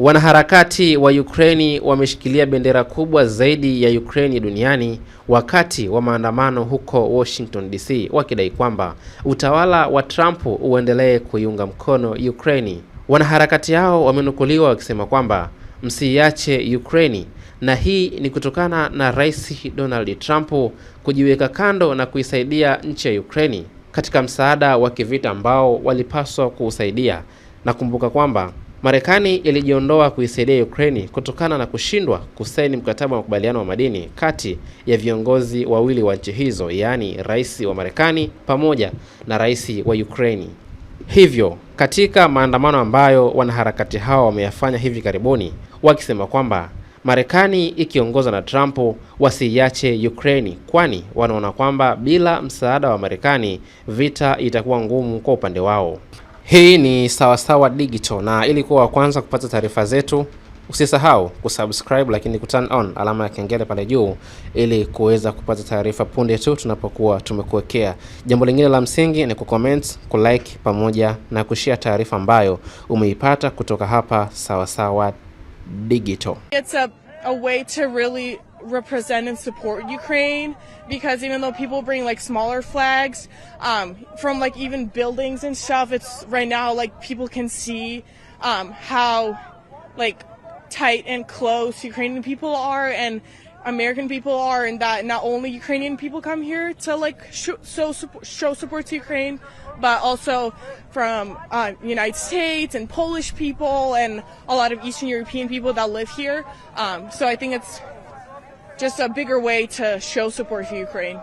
Wanaharakati wa Ukraini wameshikilia bendera kubwa zaidi ya Ukraini duniani wakati wa maandamano huko Washington DC, wakidai kwamba utawala wa Trump uendelee kuiunga mkono Ukraini. Wanaharakati hao wamenukuliwa wakisema kwamba msiiache Ukraini, na hii ni kutokana na Rais Donald Trump kujiweka kando na kuisaidia nchi ya Ukraini katika msaada wa kivita ambao walipaswa kuusaidia. Nakumbuka kwamba Marekani ilijiondoa kuisaidia Ukraini kutokana na kushindwa kusaini mkataba wa makubaliano wa madini kati ya viongozi wawili wa nchi hizo, yaani rais wa Marekani pamoja na rais wa ukraini Hivyo, katika maandamano ambayo wanaharakati hao wameyafanya hivi karibuni, wakisema kwamba Marekani ikiongozwa na Trump wasiiache ukraini kwani wanaona kwamba bila msaada wa Marekani vita itakuwa ngumu kwa upande wao. Hii ni Sawasawa Digital, na ili kuwa wa kwanza kupata taarifa zetu, usisahau kusubscribe, lakini kuturn on alama ya kengele pale juu, ili kuweza kupata taarifa punde tu tunapokuwa tumekuwekea. Jambo lingine la msingi ni kucomment, kulike pamoja na kushare taarifa ambayo umeipata kutoka hapa Sawasawa Digital. a way to really represent and support Ukraine because even though people bring like smaller flags um, from like even buildings and stuff, it's right now like people can see um, how like tight and close Ukrainian people are and American people are, and that not only Ukrainian people come here to like show, so, show support to Ukraine, but also from uh, United States and Polish people and a lot of Eastern European people that live here. Um, so I think it's just a bigger way to show support for Ukraine.